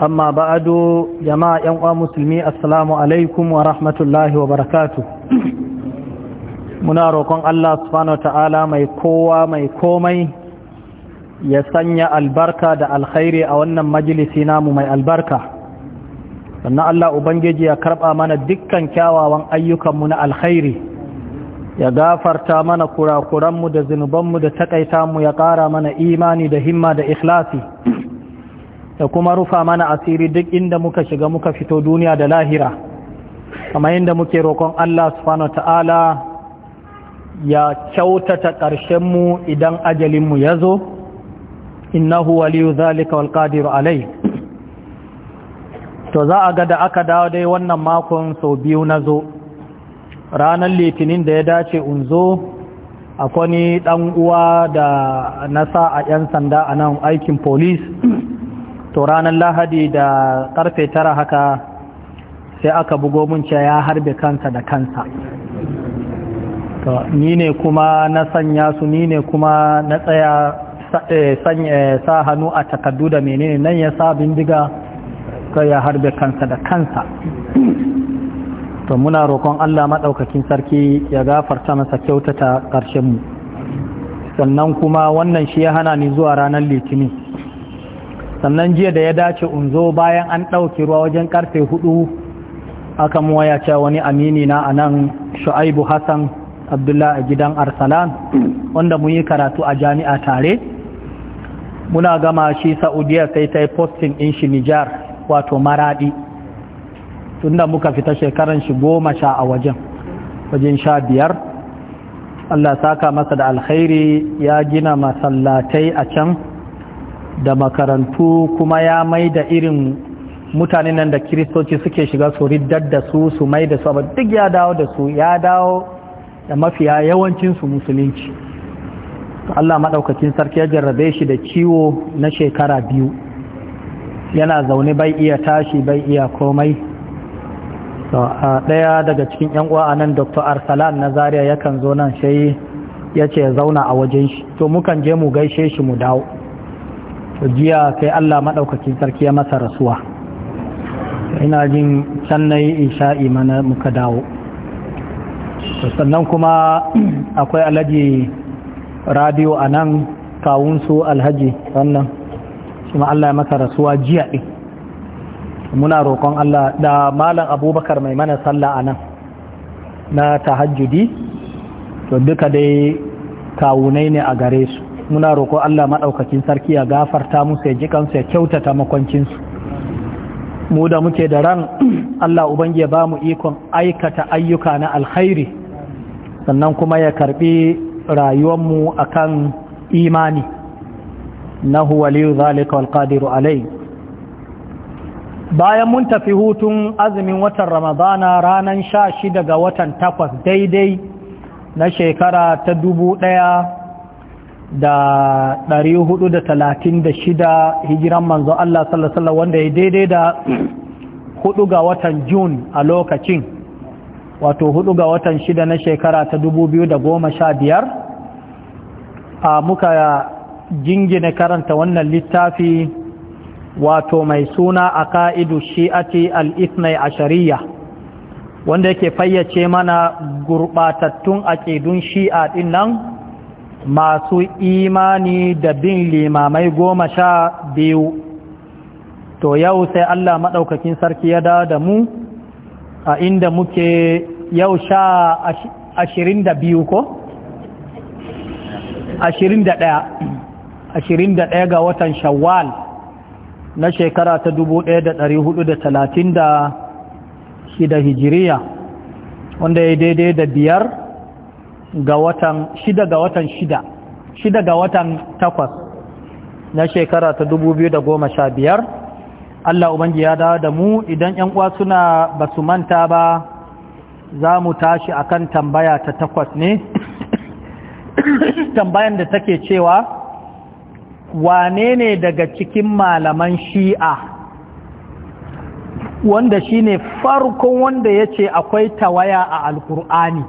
amma ba'adu jama'a yan uwa musulmi assalamu alaikum wa rahmatullahi wa barakatu muna roƙon Allah subhanahu ta'ala mai kowa mai komai ya sanya albarka da alkhairi a wannan majalisi namu mai albarka sannan Allah ubangiji ya karɓa mana dukkan kyawawan ayyukanmu na alkhairi ya gafarta mana kurakuranmu da zunubanmu da takaita mu ya ƙara mana imani da himma da ikhlasi da kuma rufa mana asiri duk inda muka shiga muka fito duniya da lahira kamar inda muke roƙon Allah subhanahu ta'ala ya kyautata ƙarshen mu idan ajalinmu ya zo innahu waliyu zalika wal qadiru alai to za a ga da aka dawo dai wannan makon sau biyu na zo ranar litinin da ya dace zo akwai ni dan uwa da nasa a 'yan sanda a nan aikin police to ranar lahadi da karfe tara haka sai aka bugo mun ya harbe kansa da kansa ni ne kuma na sanya su ni ne kuma na tsaya sa eh, eh, hannu a takardu da menene nan ya sa bindiga ka ya harbe kansa da kansa to muna roƙon Allah maɗaukakin sarki ya gafarta masa kyautata mu. sannan kuma wannan shi ya hana ni zuwa ranar litinin sannan jiya da ya dace in zo bayan an ɗauki ruwa wajen karfe hudu aka waya ce wani amini na anan shu'aibu hassan Abdullahi a gidan arsalan wanda mun yi karatu a jami'a tare muna gama shi saudiya sai ta yi postin in shi nijar wato maradi tunda muka fita shekaran shi goma sha a wajen wajen sha biyar allah saka masa da alkhairi ya gina masallatai a can da makarantu kuma ya mai da irin mutane nan da kiristoci suke shiga su riddar da su su mai da su duk ya dawo da su ya dawo da mafiya yawancinsu musulunci Allah maɗaukakin sarki ya jarrabe shi da ciwo na shekara biyu yana zaune bai iya tashi bai iya komai a ɗaya daga cikin 'yan uwa a nan dr arsalan na zaria yakan zo nan shayi ya ce zauna a wajen shi to mukan je mu gaishe shi mu dawo jiya sai Allah maɗaukakin sarki ya masa rasuwa ina jin can na yi mana muka dawo sannan kuma akwai alhaji radio a nan kawunsu alhaji wannan kuma Allah ya masa rasuwa jiya ɗin muna roƙon Allah da malam abubakar mai mana sallah a nan na ta hajjudi to duka dai kawunai ne a gare su muna roƙo Allah maɗaukakin sarki ya gafarta musu ya jikansu ya kyautata makwancinsu mu da muke da ran Allah ubangi ya ba mu ikon aikata ayyuka na alkhairi sannan kuma ya karbi a kan imani na huwaliyu zalika qadiru alai bayan mun tafi hutun azumin watan ramadana ranar sha shida ga watan takwas daidai na shekara ta dubu ɗaya da 436 hijiran manzo Allah sallallahu wanda ya daidai da hudu ga watan Jun a lokacin wato hudu ga watan shida na shekara ta 2015 a muka jingine karanta wannan littafi wato mai suna a ka'idu shi'ati al-ithnai ashariya wanda yake fayyace mana gurbatattun aƙidun shi'a din nan masu imani da bin limamai goma sha biyu to yau sai Allah maɗaukakin sarki ya da da mu a inda muke yau sha ashirin da biyu ko? ashirin da ɗaya ashirin da ɗaya ga watan shawwal na shekara ta dubu ɗaya da ɗari hudu da talatin da shida hijiriya wanda ya daidai da biyar ga watan shida ga watan shida shida ga watan takwas na shekara ta dubu biyu da goma sha biyar Allah ubangi ya dawo da mu idan ‘yan uwa suna basu manta ba za mu tashi akan tambaya ta takwas ne tambayan da take cewa wane ne daga cikin malaman shi'a wanda shine farkon wanda ya ce akwai tawaya a alkur'ani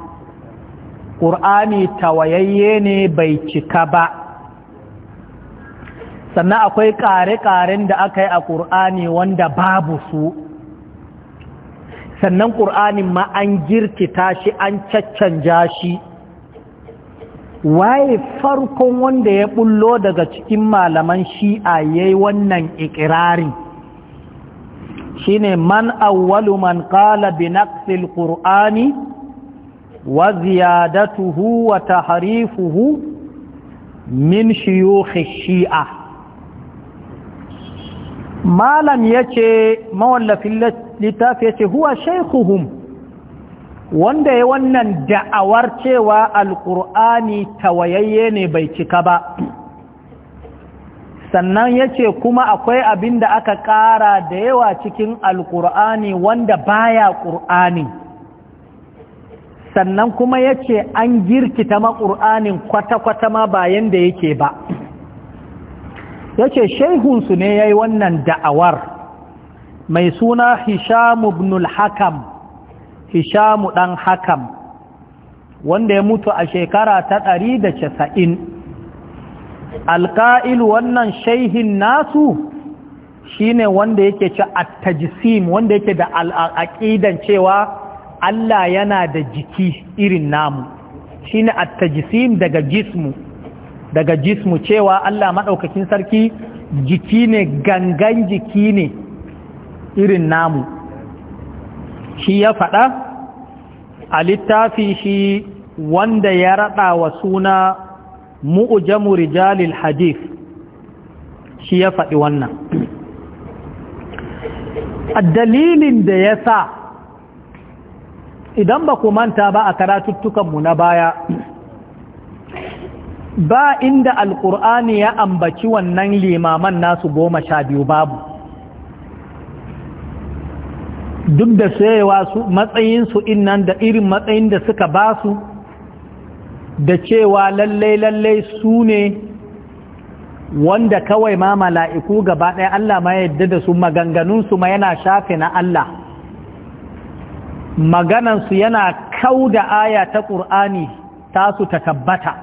ƙur'ani tawayayye ne bai cika ba sannan akwai ƙare-ƙaren da aka yi a ƙur'ani wanda babu su sannan ƙur'anin ma an girkita shi an caccanja shi waye farkon wanda ya bullo daga cikin malaman shi'a ya yi wannan ikirarin shine man awwalu man qala bi naqsil qur'ani wa ziyadatuhu wa tahrifuhu min shuyukh shi'a malam yace mawallafin littafi yace huwa wanda ya wannan da'awar cewa alƙur'ani tawayayye ne bai cika ba sannan yace kuma akwai abin da aka ƙara da yawa cikin alƙur'ani wanda baya ƙur'ani sannan kuma yace an girkita maƙur'anin kwata-kwata ma ba yanda yake ba Yace ce shaihunsu ne ya yi wannan da'awar mai suna hishamu ibnul hakam hishamu ɗan hakam wanda ya mutu a shekara ta ɗari da casa'in Alƙailu wannan shaihin nasu shine wanda yake ci a tajisim wanda yake da al'aƙidan cewa Allah yana da jiki irin namu shine a tajisim daga jismu daga jismu cewa Allah maɗaukakin sarki jiki ne gangan jiki ne irin namu shi ya faɗa a littafi shi wanda ya raɗa wa suna mu'ujamu rijalil hadith shi ya faɗi wannan a dalilin da ya sa idan ba ku manta ba a karatuttukan mu na baya ba inda alkur'ani ya ambaci wannan limaman nasu goma sha biyu babu duk da tsayewa su matsayinsu innan da irin matsayin da suka ba su da cewa lallai-lallai su ne wanda kawai ma mala'iku gaba ɗaya Allah ma yadda da su maganganunsu ma yana shafe na Allah maganansu yana kau da aya ta ƙur'ani tasu ta tabbata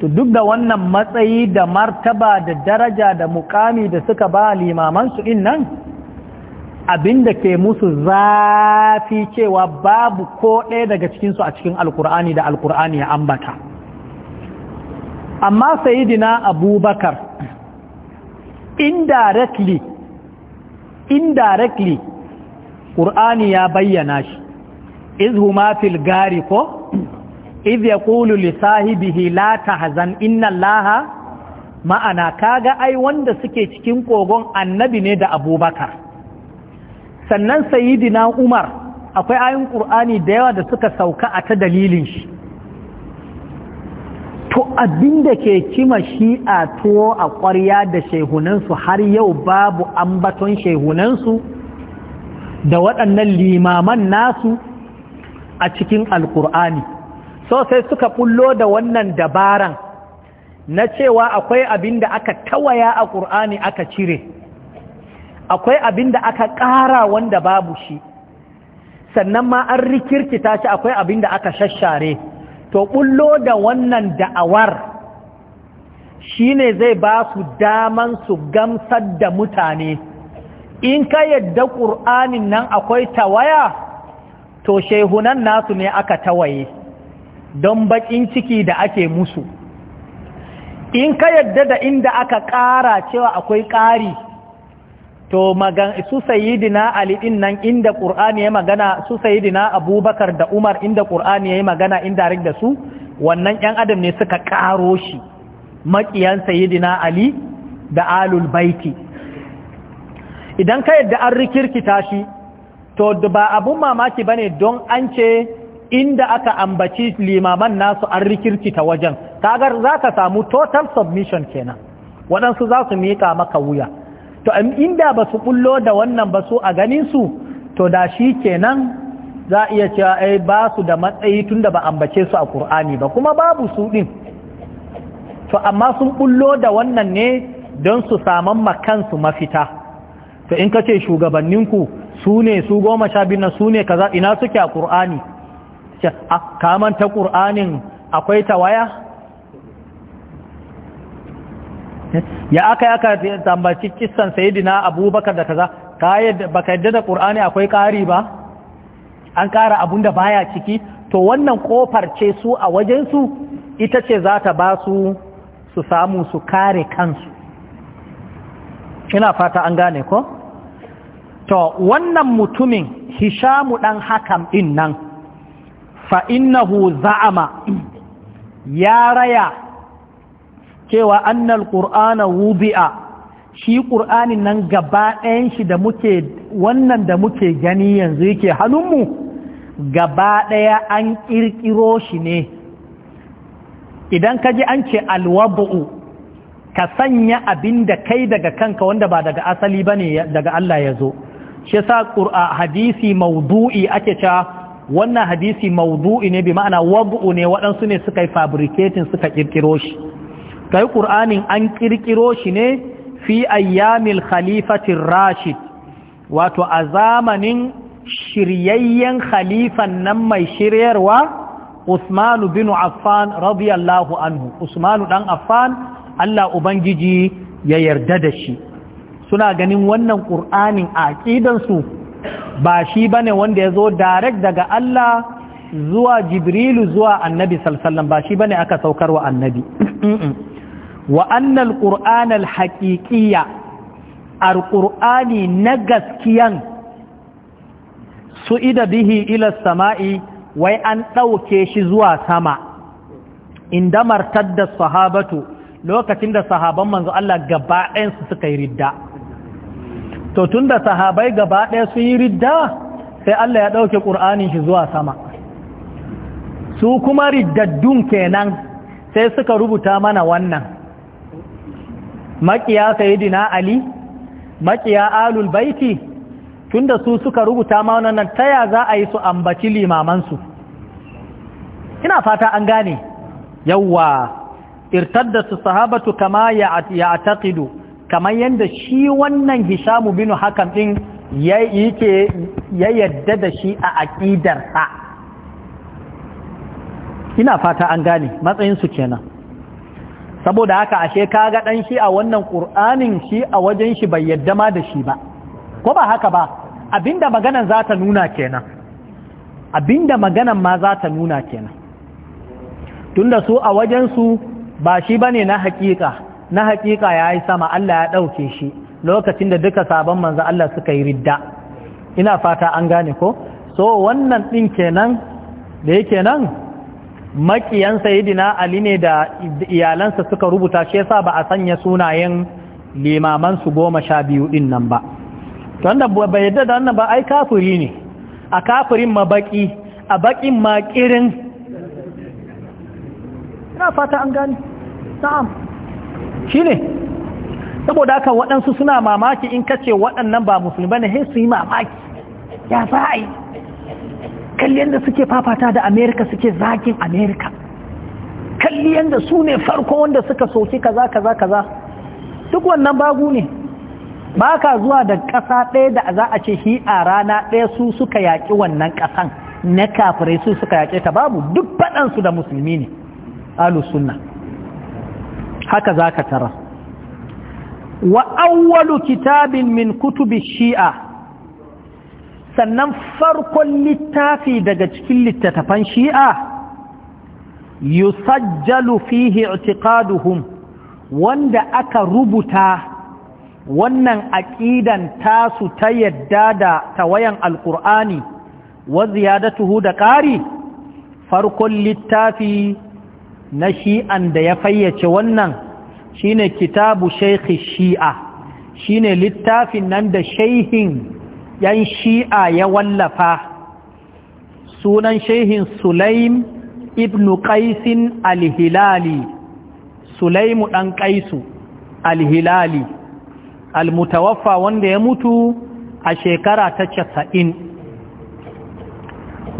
to duk da wannan matsayi da martaba da daraja da mukami da suka ba limamansu in nan abinda ke musu zafi cewa babu ko ɗaya daga cikinsu a cikin alkur'ani da alkur'ani ya ambata amma sayidina abubakar indirectly indirectly ƙur'ani ya bayyana shi iz huma gari ko iz yaqulu li sahibihi la tahzan inna allaha ma'ana kaga ai wanda suke cikin kogon annabi ne da abubakar sannan sayidina umar akwai ayin ƙur'ani da yawa da suka sauka a ta dalilin shi to abinda ke kima shi a tuwo a ƙwarya da shehunansu har yau babu ambaton shehunansu da waɗannan limaman nasu a cikin alkur'ani so sai suka bullo da wannan dabaran na cewa akwai abin da aka tawaya a ƙur'ani aka cire akwai abin da aka ƙara wanda babu shi sannan ma an rikirkita shi akwai abin da aka shashare to bullo da wannan da'awar shine zai ba su daman su gamsar da mutane in ka yadda ƙur'anin nan akwai tawaya to shehunan nasu ne aka tawaye don baƙin ciki da ake musu in ka yadda da inda aka ƙara cewa akwai ƙari to magan su sayidina ali din nan inda ƙur'ani ya magana su sayidina abubakar da umar inda ƙur'ani ya magana inda da su wannan 'yan adam ne suka ƙaro shi maƙiyan sayidina ali da alul baiti idan ka yadda an rikirkita shi to ba abun mamaki bane don an ce inda aka ambaci limaman nasu an rikirkita wajen kagar za ka samu total submission kenan waɗansu za su miƙa maka wuya to inda ba su ƙullo da wannan ba su a ganinsu to da shi kenan za iya cewa ai ba su da matsayi tunda ba ambace su a Kur'ani ba kuma babu su ɗin to amma sun ƙullo da wannan ne don su saman makansu mafita to in ka ce shugabanninku su ne su goma sha biyu na su ne kaza ina suke a ƙur'ani ah, kaman ta ƙur'anin akwai tawaya ya aka yi aka tambaci kisan sayidina abubakar da kaza baka yadda da ƙur'ani akwai ƙari ba an ƙara abun da baya ciki to wannan ƙofar ce su a wajensu ita ce za ta ba su su samu su kare kansu ina fata an gane ko? to wannan mutumin hishamu ɗan hakam ɗin nan fa'innahu za'ama ya raya cewa annal ƙur'ana wubi'a shi ƙur'anin nan gaba ɗayan shi da muke wannan da muke gani yanzu yake hannunmu gaba ɗaya an ƙirƙiro shi ne idan ka ji an ce alwabu'u ka sanya abin da kai daga kanka wanda ba daga asali ba ne daga Allah ya zo shi yasa hadisi maudu'i ake cewa wannan hadisi maudu'i ne bi ma'ana wab'u ne waɗansu ne suka yi fabricating suka ƙirƙiro shi kai ƙur'anin an ƙirƙiro shi ne fi ayyamil Khalifatin rashid wato a zamanin shiryayyen khalifan nan mai shiryarwa Usmanu bin Affan radiyallahu anhu Usmanu dan Affan Allah ubangiji ya yarda da shi suna ganin wannan ƙur'anin a aƙidansu ba shi ba ne wanda ya zo direct daga Allah zuwa jibrilu zuwa annabi salsallan ba shi ba ne aka saukar wa annabi wa annal ƙur'anal haƙiƙiya alƙur'ani na gaskiyan su ida bihi ila sama'i wai an ɗauke shi zuwa sama inda martar da sahabatu lokacin da sahaban manzo Allah gaba ɗayansu suka yi ridda to tunda sahabai gaba ɗaya sun yi ridda sai Allah ya ɗauke ƙur'anin shi zuwa sama su kuma riddaddun kenan sai suka rubuta mana wannan maƙiya sayidina ali maƙiya alul baiti tunda su suka rubuta mana wannan taya za a yi su ambaci limamansu ina fata an gane yawwa da su sahabatu kama ya taƙidu kamar yadda shi wannan hishamu binu hakan ɗin ya yadda da shi a aƙidarsa ina fata an gane matsayinsu kenan saboda haka ashe ka ga ɗan shi a wannan ƙur'anin shi a wajen shi bai yadda ma da shi ba ko ba haka ba abinda maganan za ta nuna kenan abinda maganan ma za ta nuna kenan tunda su a wajensu ba shi bane na haƙiƙa na hakika ya yi sama Allah ya ɗauke shi lokacin da duka sabon manzan Allah suka yi ridda ina fata an gane ko so wannan ɗin kenan da yake nan makiyan sayidina Ali ne da iyalansa suka rubuta shi yasa ba a sanya sunayen limaman su goma sha biyu ɗin nan ba wanda bai yadda da wannan ba ai kafiri ne a kafirin ma baki a bakin ma kirin na fata an gane na'am shine saboda haka waɗansu suna mamaki in kace waɗannan ba musulmi ne sai su yi mamaki ya za a yi kalli da suke fafata da amerika suke zagin amerika kalli yadda su ne farko wanda suka soki kaza kaza kaza duk wannan bagu ne ba ka zuwa da ƙasa ɗaya da za a ce shi a rana ɗaya su suka yaƙi wannan ƙasan na kafirai su suka yaƙe ta babu duk faɗansu da musulmi ne alu sunna haka za ka tara wa awwalu kitabin min kutubi shi'a sannan farkon littafi daga cikin littattafan shi'a yusajjalu fihi i'tiqaduhum wanda aka rubuta wannan aƙidan tasu ta yadda da tawayan alƙur'ani wa ziyadatuhu da ƙari farkon littafi na shi'an da ya fayyace wannan shine kitabu shaikhi shi'a shine littafin nan da shaihin yan shi'a ya wallafa sunan shaihin sulaim ibn qaisin al-hilali sulaimu ɗan qaisu al-hilali al-mutawaffa wanda ya mutu a shekara ta casa'in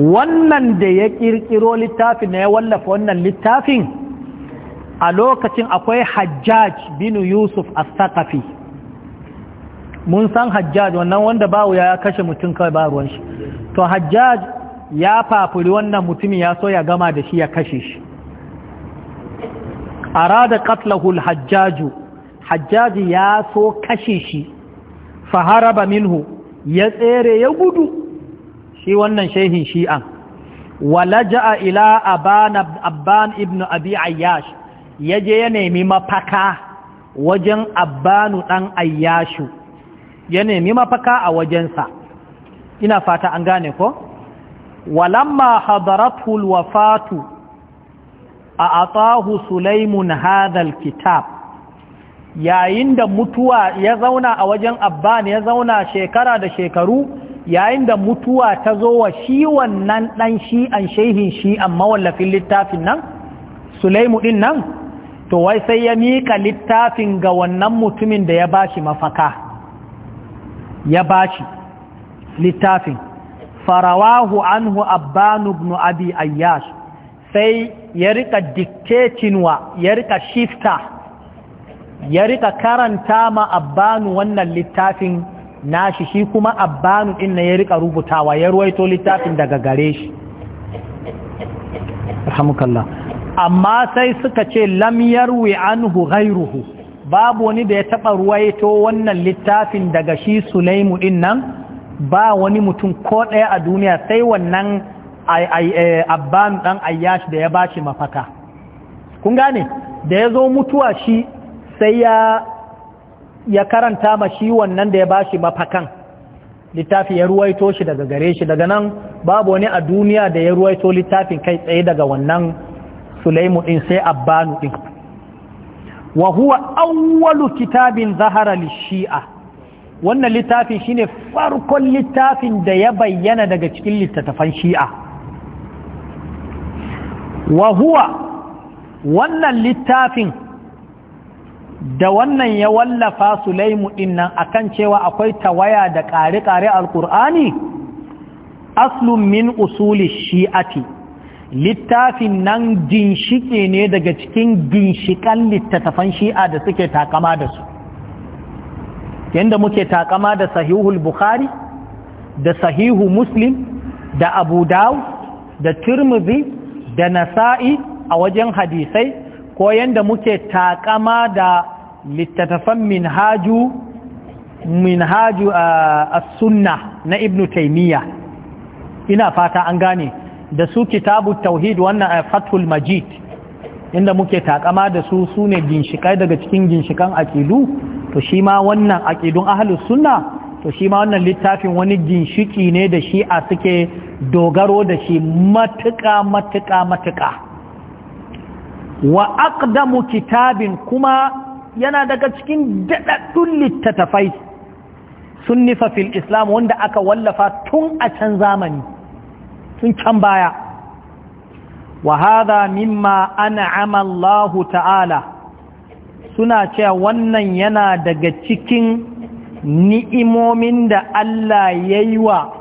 wannan da ya ƙirƙiro littafin na ya wallafa wannan littafin a lokacin akwai hajjaj binu yusuf astakafi mun san hajjaj wannan wanda bawu ya kashe mutum kawai ba ruwan shi to hajjaj ya fafuri wannan mutumin ya so ya gama da shi ya kashe shi arada qatlahul hajjaju hajjaji ya so kashe shi faharaba minhu ya tsere ya gudu shi wannan shehin shi'an walaja'a ila abban Ibnu abi ayyash yaje ya nemi mafaka wajen abbanu dan ayyashu ya nemi mafaka a wajensa ina fata an gane ko walamma hadaratu alwafatu a atahu sulaimun hadha kitab yayin da mutuwa ya zauna a wajen abban ya zauna shekara da shekaru yayin da mutuwa ta zo wa shi wannan ɗan shi'an shehin shi'an mawallafin littafin nan sulaimu ɗin nan to wai sai ya miƙa littafin ga wannan mutumin da ya ba shi mafaka ya ba shi littafin farawahu anhu abbanu ibn abi ayyash sai ya rika dictating ya rika shifta ya rika karanta ma abbanu wannan littafin nashi shi kuma abbanu din na ya rika rubutawa ya ruwaito littafin daga gare shi rahmukallah amma sai suka ce lam yarwi anhu ghayruhu babu wani da ya taba ruwaito wannan littafin daga shi Sulaimu din nan ba wani mutum ko ɗaya a duniya sai wannan e, abbanu dan ayyash da ya bashi mafaka kun gane da ya zo mutuwa shi sai ya ya karanta ma shi wannan da ya ba shi mafakan littafi ya ruwaito shi daga gare shi daga nan babu wani a duniya da ya ruwaito littafin kai tsaye daga wannan sulaimu din sai abbanu din wa huwa awwalu kitabin zahara shi'a. wannan littafin shine farkon littafin da ya bayyana daga cikin littattafan shi'a wa huwa wannan littafin da wannan ya wallafa sulaimu nan akan cewa akwai tawaya da ƙare-ƙare alƙur'ani aslun min usuli shi'ati littafin nan ginshike ne daga cikin ginshikan littattafan shi'a da suke takama da su yanda muke takama da sahihul bukhari da sahihu muslim da abu Dawud, da turmuzi da nasa'i a wajen hadisai ko yanda muke takama da littattafan minhaju minhaju as-sunna na ibnu taymiya ina fata an gane da su kitabu tauhid wannan fathul majid inda muke takama da su sune ginshikai daga cikin ginshikan aqidu to shi ma wannan aqidun ahlus sunna to shi ma wannan littafin wani ginshiki ne da shi a suke dogaro da shi matuƙa matuka matuka wa aqdamu kitabin kuma yana daga cikin daɗaɗɗun littattafai sun fil islam wanda aka wallafa tun a can zamani tun can baya wa hadha mimma an'ama Allah ta'ala suna cewa wannan yana daga cikin ni'imomin da Allah yi wa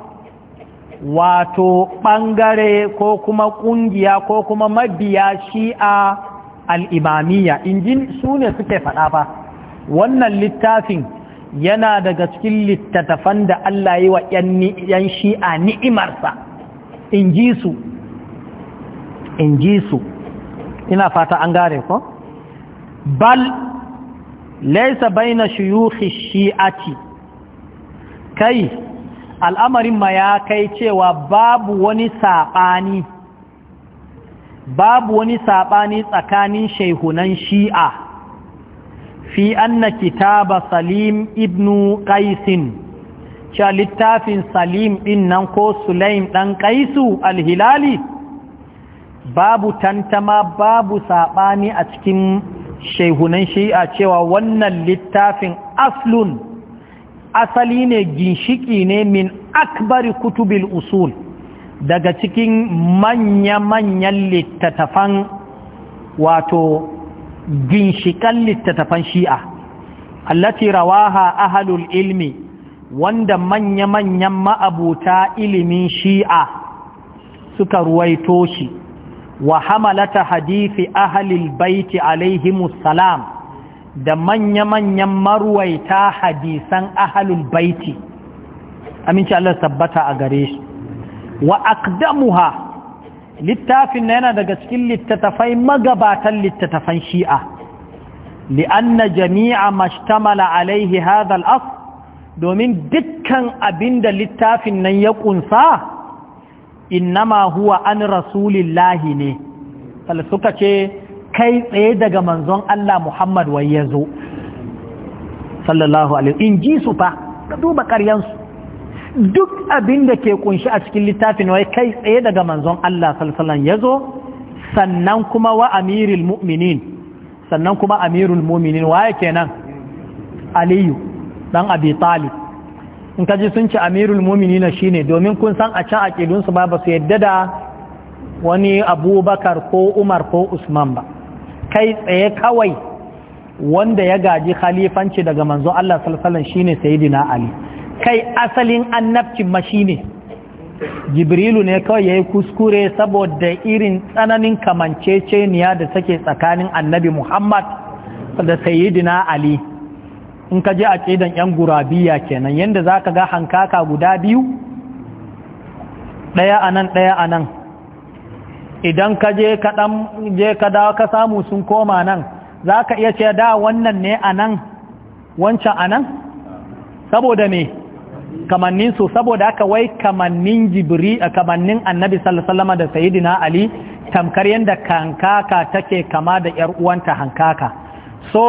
wato ɓangare ko kuma ƙungiya ko kuma mabiya shi'a al'imamiyya injin su ne suke faɗa fa wannan littafin yana daga cikin littattafan da Allah yi wa ‘yan shi'a ni'imarsa in ji su in ji su ina fata an gare ko? bal laisa baina shuyuhi shi'ati kai al'amarin ma ya kai cewa babu wani saɓani babu wani saɓani tsakanin shaihunan shi'a fi anna kitaba salim ibnu qaisin cewa littafin salim din nan ko sulaim ɗan ƙaisu alhilali babu tantama babu saɓani a cikin shaihunan shi'a cewa wannan littafin aslun asali ne ginshiki ne min akbari kutubil usul daga cikin manya-manyan littattafan wato ginshikan littattafan shi'a allati rawaha ahalul ilmi wanda manya-manyan ma'abuta ilimin shi'a suka ruwaito shi wa hamalata hadithi ahalil baiti alaihimus salam da manya-manyan maruwaita hadisan ahalul baiti aminci Allah tabbata a gare shi wa aqdamuha littafin na yana daga cikin littattafai magabatan littattafan shi'a li'anna jami'a mashtamala alaihi hadha al domin dukkan abinda littafin nan ya kunsa innama huwa an rasulillahi ne suka ce kai tsaye daga manzon Allah Muhammad wai ya zo sallallahu alaihi in ji su fa ka duba ƙaryansu duk abin da ke kunshi a cikin littafin wai kai tsaye daga manzon Allah sallallahu ya zo sannan kuma wa amirul mu'minin sannan kuma amirul mu'minin waye kenan aliyu dan abi talib in kaji sun ci amirul mu'minin shine domin kun san a can aqidun su ba ba su yadda da wani abubakar ko umar ko usman ba kai tsaye kawai wanda ya gaji khalifanci daga manzon Allah sallallahu alaihi wasallam shine sayyidina ali kai asalin annabcin mashi ne jibrilu ne kawai ya yi kuskure saboda irin tsananin kamanceceniya da take tsakanin annabi muhammad da sayyidina ali in ka je a ƙidan 'yan gurabiya kenan yadda za ka ga hankaka guda biyu ɗaya a ɗaya a idan ka je ka dawa ka samu sun koma nan za ka iya ce da wannan ne a nan wancan a nan saboda ne kamannin su saboda haka wai kamannin jibri eh, kamannin annabi sallallahu da sayidina ali tamkar yadda kankaka take kama da yar uwanta hankaka so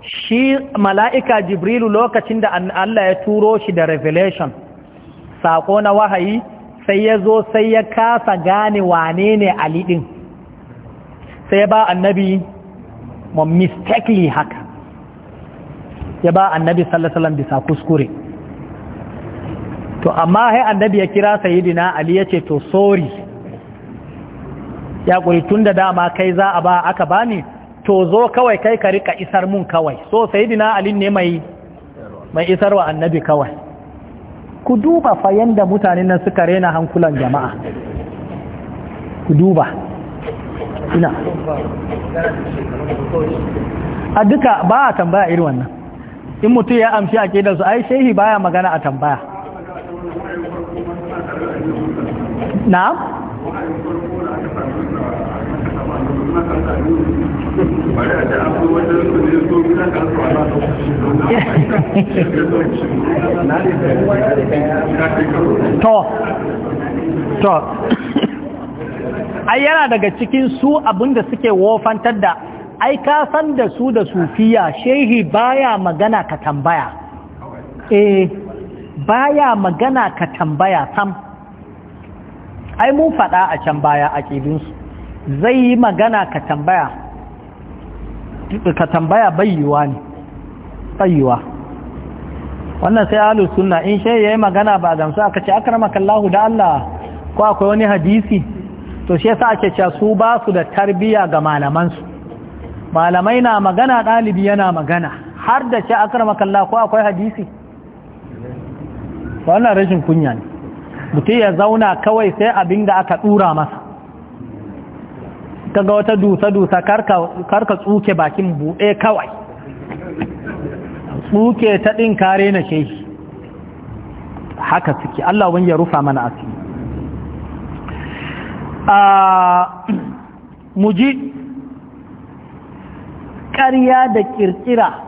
shi mala'ika jibrilu lokacin da Allah ya turo shi da revelation sako na wahayi sai ya zo sai ya kasa gane wane ne ali din sai ya ba annabi mistakely haka ya ba annabi sallallahu bisa kuskure to amma hai annabi ya kira sayidina ali ya ce to sorry ya kuri tun da dama kai za a ba aka bani to zo kawai kai ka rika isar mun kawai so sayidina ali ne mai mai isarwa annabi kawai ku duba fa yanda mutanen nan suka rena hankulan jama'a ku duba ina a duka ba a tambaya irin wannan in mutum ya amshi a su ai shehi baya magana a tambaya ai yana daga cikin su abinda suke wofantar da ai ka san da su da sufiya shehi baya magana ka tambaya eh baya magana ka tambaya sam ai mun faɗa a can baya a su zai yi magana ka tambaya ka tambaya bayyuwa ne bayyuwa wannan sai ahlus sunna in shay yayi magana ba gamsu aka ce akramakallahu da Allah ko akwai wani hadisi to shi yasa ake cewa su ba su da tarbiya ga malaman su malamai na magana dalibi yana magana har da ce akramakallahu ko akwai hadisi wannan rashin kunya ne mutum ya zauna kawai sai abin da aka dura masa kaga wata dusa-dusa karka tsuke bakin buɗe kawai tsuke ta ɗin kare na ke haka suke Allah wani ya rufa mana asiri a muji ƙarya da ƙirƙira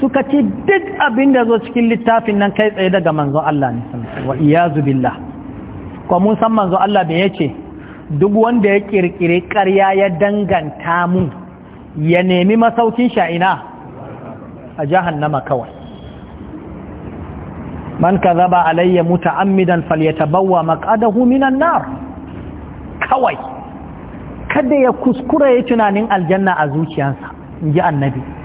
suka ci duk abin da zo cikin littafin nan kai tsaye daga manzon Allah ne wa iyazu billah ko mun san manzon Allah yace duk wanda ya kirkire ƙarya ya danganta mu ya nemi masaukin sha'ina a jahannama kawai man kadhaba alayya muta'ammidan falyatabawwa maq'adahu minan nar kawai kada ya kuskura ya tunanin aljanna a zuciyarsa inji annabi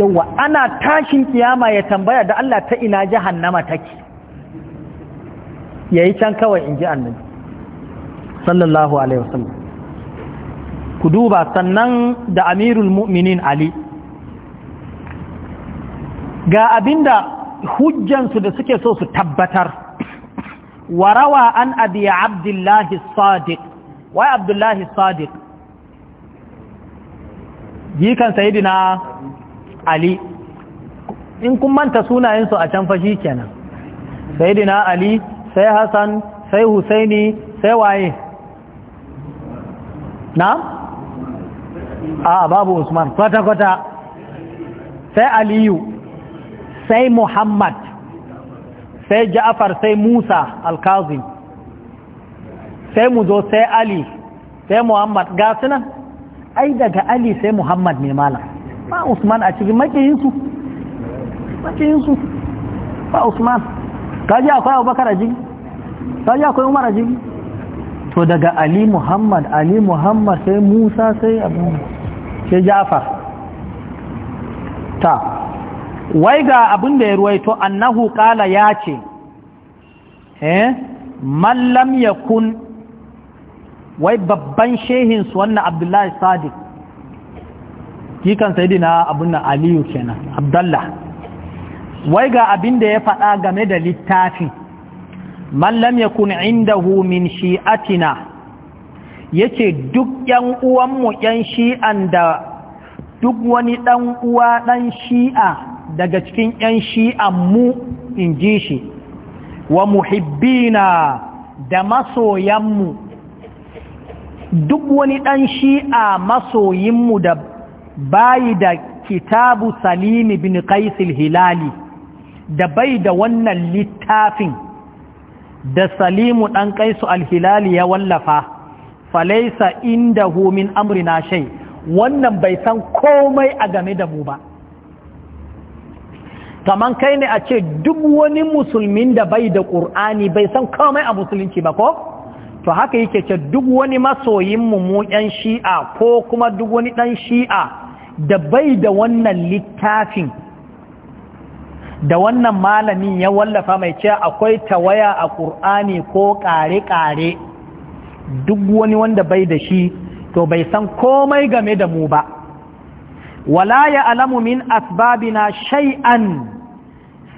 yawa ana tashin kiyama ya tambaya da Allah ta ina jahannama take yayi can kawai inji annabi sallallahu alaihi wasallam ku duba sannan da amirul mu'minin ali ga abinda hujjansu da suke so su tabbatar warawa an abi abdullahi sadiq wai abdullahi sadiq jikan sayidina ali in kun manta sunayensu a can fashi kenan sai dina ali sai hassan sai husaini sai waye na? a babu usman kwata-kwata sai aliyu sai muhammad sai ja'afar sai musa alkazim sai mu zo sai ali sai muhammad ga sunan ai daga ali sai muhammad ne malam ba usman a cikin makiyinsu makiyinsu ba usman kaji akwai abubakar a jiki kaji akwai umar a jiki to daga ali muhammad ali muhammad sai musa sai abu sai jafar ta wai ga abin da ya ruwaito annahu kala ya ce eh mallam ya kun wai babban shehinsu wannan abdullahi sadiq sai sayidina abun nan aliyu kenan abdallah wai ga abin da ya faɗa game da littafin man lam yakun indahu min shi'atina yace duk yan mu yan shi'an da duk wani dan uwa dan shi'a daga cikin yan shi'an mu in ji shi wa muhibbina da masoyan mu? duk wani dan shi'a masoyin mu da bayi da kitabu salimi bin qaisil hilali da bai da wannan littafin da salimu ɗan kaisu alhilali ya wallafa falaisa indahu min amrina shai wannan bai san komai a game da mu ba kaman kai ne a ce duk wani musulmin da bai da ƙur'ani bai san komai a musulunci ba ko to haka yake ce duk wani masoyin mu mu ɗan shi'a ko kuma duk wani ɗan shi'a da bai da wannan littafin da wannan malamin ya wallafa mai cewa akwai tawaya a ƙur'ani ko ƙare-ƙare duk wani wanda bai da shi to bai san komai game da mu ba wala ya alamu min asbabina shay'an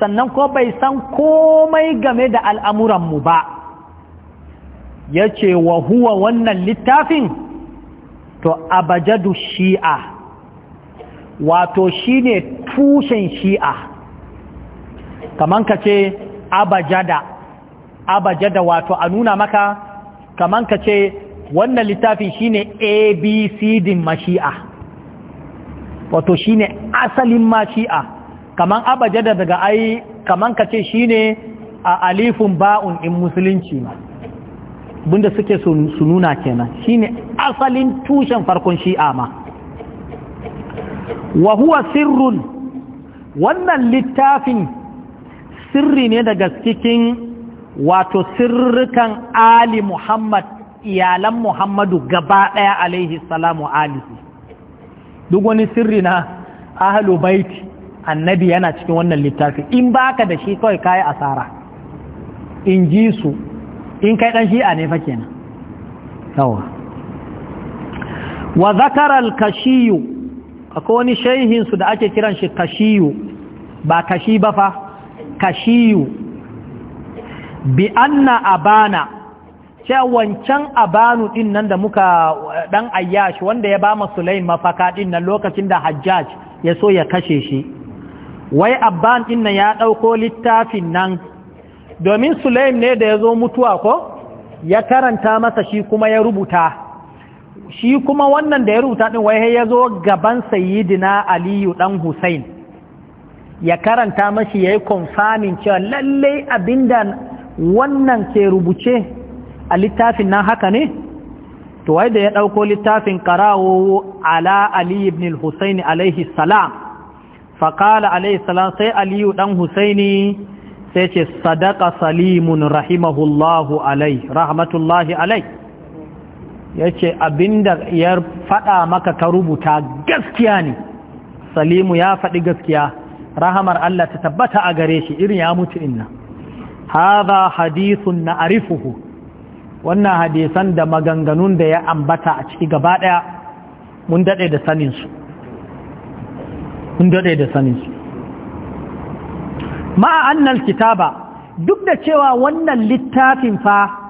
sannan ko bai san komai game da al'amuranmu ba ya ce wa huwa wannan littafin to abajadu shi'a wato shine tushen shi'a kaman ka ce abajada abajada wato a nuna maka kaman ka ce wannan littafi shine abcd mashi'a wato shine asalin mashi'a kaman abajada daga ai kaman ka ce shine a alifin ba'un in musulunci ma bunda suke su nuna kenan shine asalin tushen farkon shi'a ma wa huwa sirrun wannan littafin sirri ne daga cikin wato sirrukan ali muhammad iyalan muhammadu gaba ɗaya alaihi salamu alihi duk wani sirri na ahalu baiti annabi yana cikin wannan littafin in baka da shi kawai kayi asara in ji su in kai dan shi'a ne fa kenan yawa wa zakara al-kashiyu akwai wani shaihinsu da ake kiran shi kashiyu ba kashi ba fa kashiyu bi anna abana ce wancan abanu din nan da muka dan ayyash wanda ya ba masulain mafaka din nan lokacin da hajjaj ya so ya kashe shi wai abban din nan ya dauko littafin nan domin sulaim ne da ya zo mutuwa ko ya karanta masa shi kuma ya rubuta shi kuma wannan da ya rubuta ɗin wai ya zo gaban sayyidina aliyu ɗan Hussein ya karanta mashi ya yi konfamin cewa lallai abinda wannan ke rubuce a littafin nan haka ne to wai da ya ɗauko littafin karawo ala aliyu ibn Hussein alaihi salam faƙala alaihi salam sai aliyu ɗan Husaini sai ce sadaka salimun rahimahullahu alai rahmatullahi alai ya ce abinda ya faɗa maka ka rubuta gaskiya ne salimu ya faɗi gaskiya rahamar Allah ta tabbata a gare shi irin ya mutu inna haza hadithun na arifuhu wannan hadisan da maganganun da ya ambata a ciki gaba ɗaya mun daɗe da saninsu mun daɗe da kitaba duk da cewa wannan littafin fa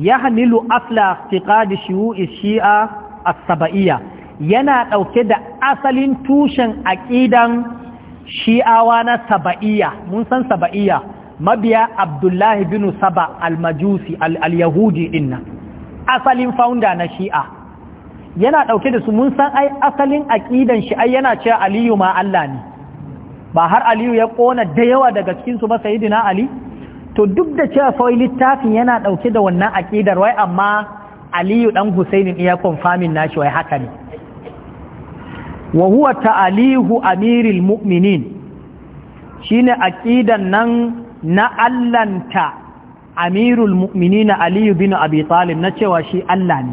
yahmilu asla i'tiqadi shuyu'i shi'a a sabaiyya yana ɗauke da asalin tushen aqidan shi'awa na saba'iyya mun san saba'iyya mabiya abdullahi bin saba al-majusi al-yahudi dinna asalin founder na shi'a yana ɗauke da su mun san ai asalin aqidan shi ai yana cewa aliyu ma Allah ne ba har aliyu ya ƙona da yawa daga cikin su ba sayyidina ali to duk da cewa fa littafin yana ɗauke da wannan aƙidar, wai amma aliyu dan husainin iya na nashi wai haka ne wa huwa ta'alihu amiril mu'minin shine aqidan nan na allanta amirul mu'minin aliyu bin abi talib na cewa shi Allah ne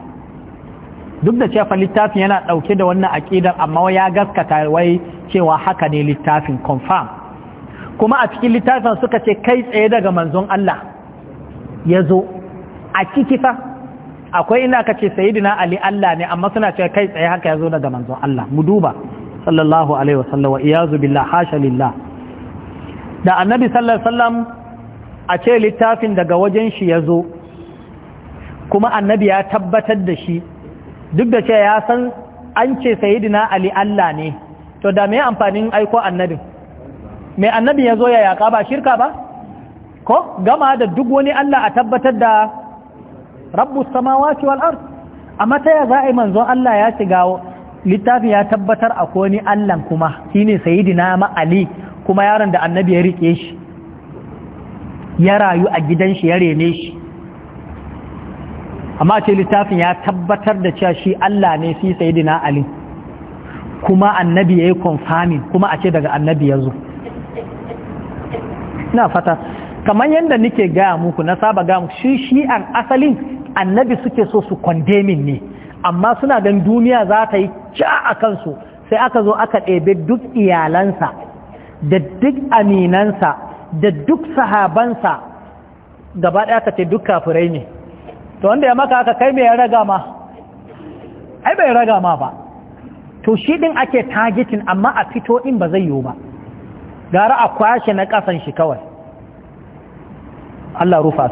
duk da cewa littafin yana ɗauke da wannan aqidar amma ya gaskata wai cewa haka ne littafin confirm kuma a cikin littafin suka ce kai tsaye daga manzon Allah ya zo a ciki fa akwai ina ka ce sayidina ali Allah ne amma suna ce kai tsaye haka ya zo daga manzon Allah mu duba sallallahu alaihi wa sallam wa iyazu billah hasha lillah da annabi sallallahu alaihi wasallam a ce littafin daga wajen shi ya zo kuma annabi ya tabbatar da shi duk da ce ya san an ce sayidina ali Allah ne to da me amfanin aiko annabin mai annabi ya zo ya yaƙa ba shirka ba ko gama da duk wani Allah a tabbatar da rabbus samawati wal ard amma ta ya za yi manzon Allah ya shiga littafi ya tabbatar a wani Allah kuma shine sayyidina ma ali kuma yaron da annabi ya rike shi ya rayu a gidan shi ya rene shi amma ce littafin ya tabbatar da cewa shi Allah ne shi sayyidina ali kuma annabi ya yi confirming kuma a ce daga annabi ya zo ina fata kamar yadda nike gaya muku na saba gaya muku shi shi'an asalin annabi suke so su kwandemin ne amma suna gan duniya za ta yi ca a kansu sai aka zo aka ɗebe duk iyalansa da duk aminansa da duk sahabansa gaba ɗaya ka ce duk kafirai ne to wanda ya maka aka kai mai raga ma ai bai raga ma ba to shi ɗin ake targetin amma a fito in ba zai yiwu ba gara a kwashe na ƙasan shi kawai Allah rufa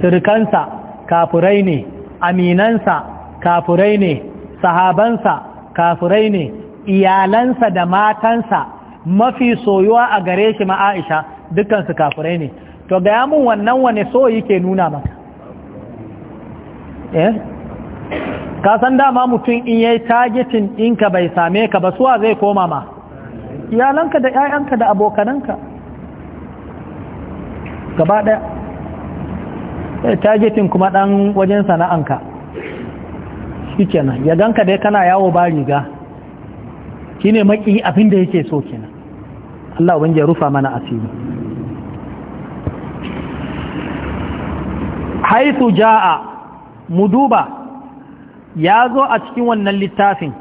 sirkansa kafurai ne aminansa kafurai ne sahabansa kafurai ne iyalansa da matansa mafi soyuwa a gare shi ma'aisha dukansu kafurai ne to ga mun wannan wane so yake nuna maka eh ka san dama mutum in yayi targeting ɗinka bai same ka ba suwa zai koma ma iyalanka da 'ya'yanka da abokananka gaba ɗaya eh, targetin kuma ɗan wajen sana'anka shi kenan ya ganka dai kana yawo ba riga shi ne maki abin da yake so kenan Allah wani ya rufa mana asiri haitu ja'a muduba ya zo a cikin wannan littafin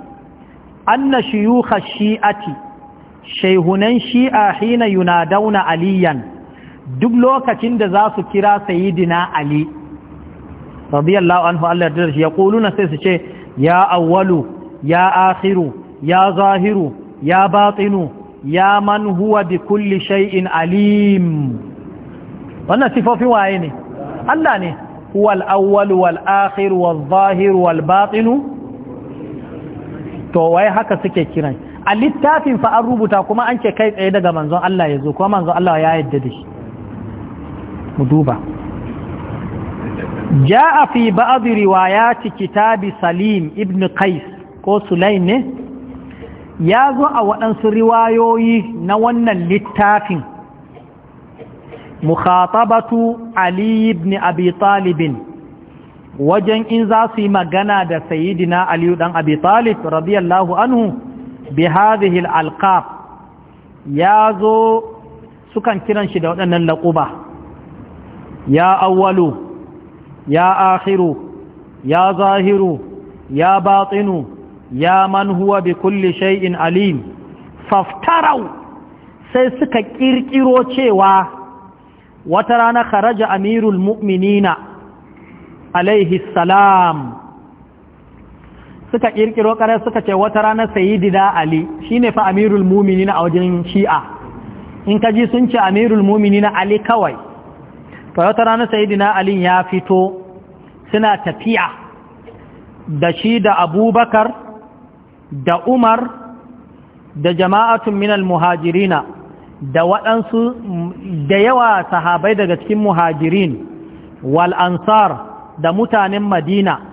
anna shiyu shi'ati shaihunan shi'a hina yunadauna aliyan duk lokacin da za su kira sayidina ali radiyallahu anhu Allah ya dirshi ya kuluna sai su ce ya awwalu ya akhiru ya zahiru ya batinu ya man huwa bi kulli shay'in alim wannan sifofin waye ne Allah ne huwa al-awwal wal akhir wal zahir wal batin to wai haka suke kiran a littafin fa an rubuta kuma an ce kai tsaye daga manzon Allah ya zo kuma manzon Allah ya yadda da shi mu duba a fi ya riwayati kitabi salim ibn qais ko sulaim ne ya zo a waɗansu riwayoyi na wannan littafin mukhatabatu ali ibn abi talibin wajen in za su yi magana da sayidina aliyu dan abi talib radiyallahu anhu bi hadhihi ya zo sukan kiran shi da waɗannan laquba ya awwalu ya akhiru ya zahiru ya batsinu ya man bi kulli shay'in alim faftarau sai suka ƙirƙiro cewa wata rana kharaja amirul mu'minina alaihi salam suka kirkiro kare suka ce wata ranar sayyidina ali shine fa amirul mu'minin a wajen shi'a in ka ji sun ce amirul mu'minin ali kawai to wata ranar sayyidina ali ya fito suna tafiya da shi da abubakar da umar da jama'atun minal muhajirina da waɗansu da yawa sahabai daga cikin muhajirin wal ansar da mutanen madina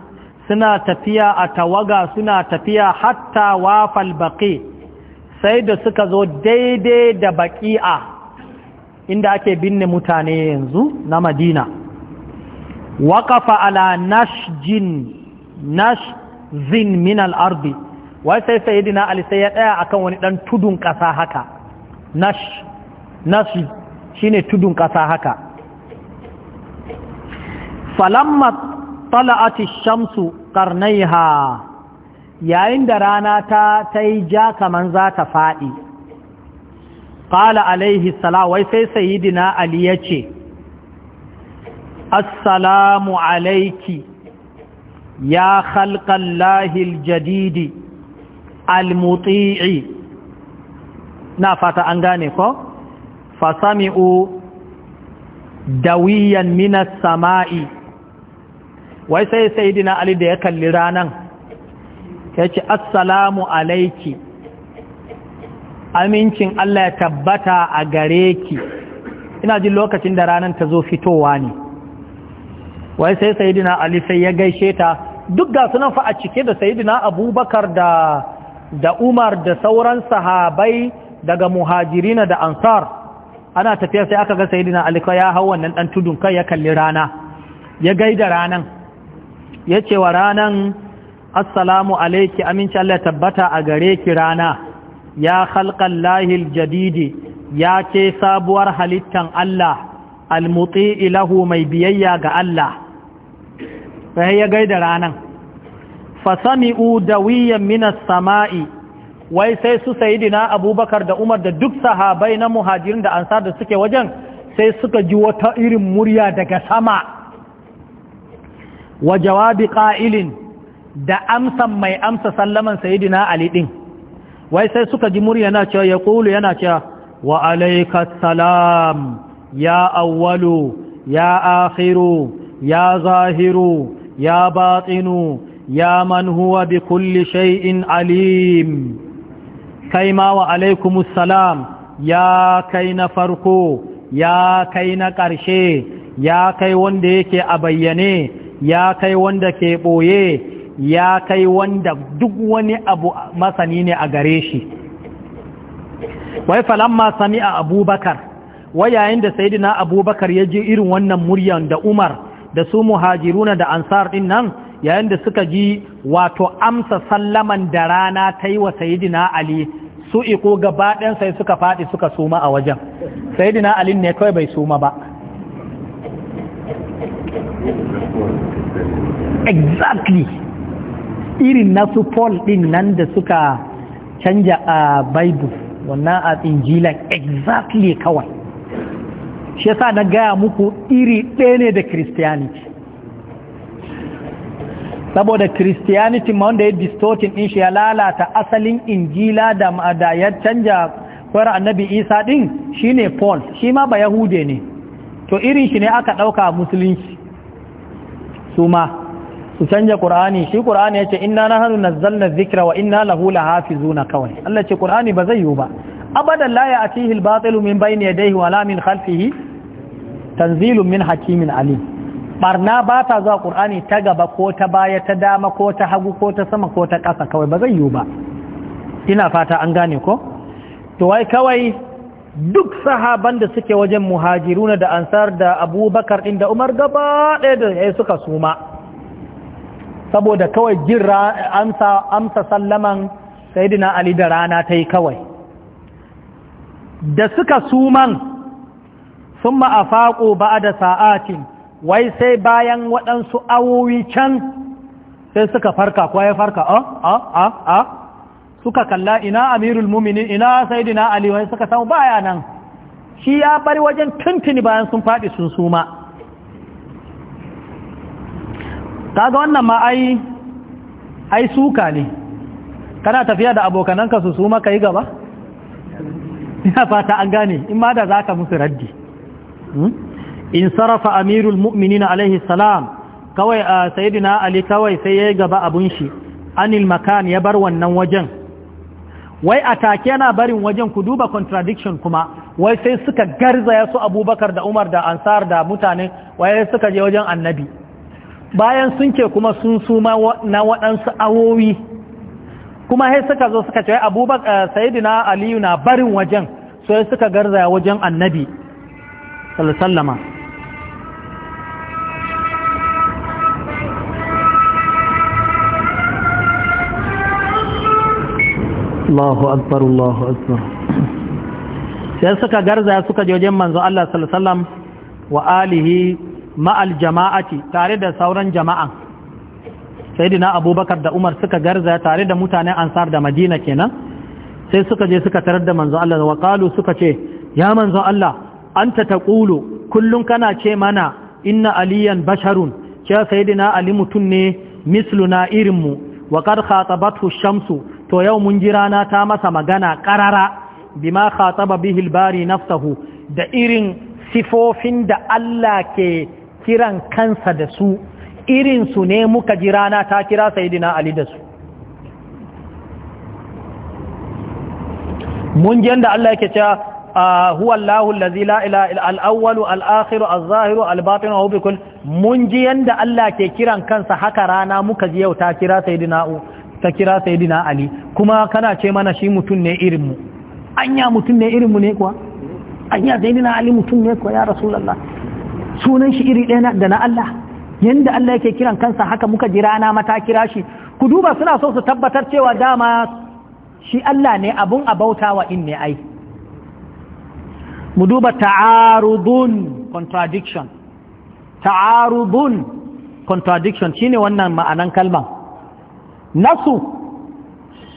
suna tafiya a tawaga suna tafiya hatta wafal baƙi sai da suka zo daidai da baki'a inda ake binne mutane yanzu na madina waƙafa ala nashjin nashzin min al'arbi wai sai sai Ali sai ya ɗaya akan wani ɗan tudun ƙasa haka nash nash shine tudun ƙasa haka falamma tala'ati shamsu qarnaiha yayin da rana ta ta yi ja kaman za ta faɗi ƙala alaihi wai sai sayidina ali ya ce assalamu alaiki ya khalqan lahil jadidi almuti'i na fata an gane ko fasami'u dawiyan minas sama'i wai sai Sayyidina ali da ya kalli ranan ya ce assalamu alaiki amincin Allah ya tabbata a gare ki ina jin lokacin da ranan ta zo fitowa ne wai sai Sayyidina ali sai ya gaishe ta duk ga sunan fa a cike da Sayyidina abubakar da da umar da sauran sahabai daga muhajirina da ansar ana tafiya sai aka ga Sayyidina ali ya hau wannan dan tudun kai ya kalli rana ya gaida ranan ya ce wa ranan assalamu alaiki aminci Allah tabbata a gare ki rana ya halkan lahil jadidi ya ce sabuwar halittan Allah almuti ilahu mai biyayya ga Allah sai ya gaida ranan fasami'u dawiyan minas sama'i wai sai su sayidina abubakar da umar da duk sahabai na muhajirin da ansar da suke wajen sai suka ji wata irin murya daga sama wa jawabi ƙa'ilin da amsan mai amsa sallaman sayidina Ali ɗin, wai sai suka ji murya yana cewa ya ƙulu yana cewa wa alaikassalam ya awwalu ya akhiru ya zahiru ya batsinu ya man huwa bi kulli shay'in alim kai ma wa alaikumussalam ya kai na farko ya kai na ƙarshe ya kai wanda yake a bayyane ya kai wanda ke ɓoye ya kai wanda duk wani abu masani ne a gare shi wai falamma sami a abubakar wai yayin da sayidina abubakar ya ji irin wannan muryan da umar da su muhajiruna da ansar din nan yayin da suka ji wato amsa sallaman da rana ta wa sayidina ali su iko gabaɗin sai suka faɗi suka suma a wajen sayidina ali ne kawai bai suma ba exactly irin na su paul din nan da suka canja a bible wannan a injilan exactly kawai shi yasa na gaya muku iri ɗaya ne da christianity saboda christianity ma wanda ya distortin din shi ya lalata asalin injila da ma'ada ya canja kwayar annabi isa din shine paul shi ma ba yahude ne to irin shi ne aka ɗauka musulunci su ma su canja qur'ani shi qur'ani yace inna nahnu nazzalna dhikra wa inna hafi zuna kawai Allah ce qur'ani ba zai yiwu ba abadan la ya'tihi al-batil min bayni yadayhi wa la min tanzilun min hakimin ali barna ba ta zuwa qur'ani ta gaba ko ta baya ta dama ko ta hagu ko ta sama ko ta ƙasa kawai ba zai yiwu ba ina fata an gane ko to wai kawai duk sahaban da suke wajen muhajiruna da ansar da abubakar inda umar gaba ɗaya da ya suka suma saboda kawai jin amsa sallaman sayidina ali da rana ta yi kawai da suka suman sun ma'afaƙo ba da sa'atin wai sai bayan waɗansu awowi can sai suka farka ko ya farka a ah, a ah, a ah, a suka kalla ina amirul mumini ina sayidina ali wai suka samu baya nan shi ya bari wajen tuntuni bayan sun faɗi sun suma kaga wannan ma ai ai suka ne kana tafiya da abokananka su su maka yi gaba ina fata an gane in ma da zaka musu raddi hmm? in sarafa amirul mu'minina alaihi salam kawai sayyidina ali kawai sai yayi gaba abun shi anil makan ya bar wannan wajen wai a take yana barin wajen ku duba contradiction kuma wai sai suka garza ya su abubakar da umar da ansar da mutane wai suka je wajen annabi bayan sun ce kuma sun suma na waɗansu awowi kuma sai suka zo suka ce abubakar eh, na aliyu na barin wajen sai suka garzaya wajen annabi sallama Allahu akbar Allahu akbar sai suka garzaya suka je wajen manzo Allah sallallahu alaihi wa alihi ma'al jama'ati tare da sauran jama'an sayyidina abubakar da umar suka garza tare da mutanen ansar da madina kenan sai suka je suka tarar da manzon Allah wa suka ce ya manzo Allah anta taqulu kullum kana ce mana inna aliyan basharun cewa sayyidina ali mutum ne misluna irinmu wa wakar khatabathu shamsu to yau mun ji rana ta masa magana qarara bima khataba bihi bari nafsahu da irin sifofin da Allah ke kiran kansa da su irinsu ne muka ji rana ta kira sayidina ali da su mun ji yadda Allah yake cewa huwa Allahu allazi la ilaha illa al-awwalu al-akhiru al wa mun ji yadda Allah ke kiran kansa haka rana muka ji yau ta kira sayidina ta kira sayidina ali kuma kana ce mana shi mutun ne irin mu anya mutun ne irin mu ne kuwa anya sayidina ali mutun ne kuwa ya rasulullah sunan shi iri ɗaya da na Allah yanda Allah yake kiran kansa haka muka ji rana mata kira shi ku duba suna so su tabbatar cewa dama shi Allah ne abun a bautawa in ne ai mu duba ta'arudun contradiction ta'arudun contradiction shine wannan ma'anan kalman nasu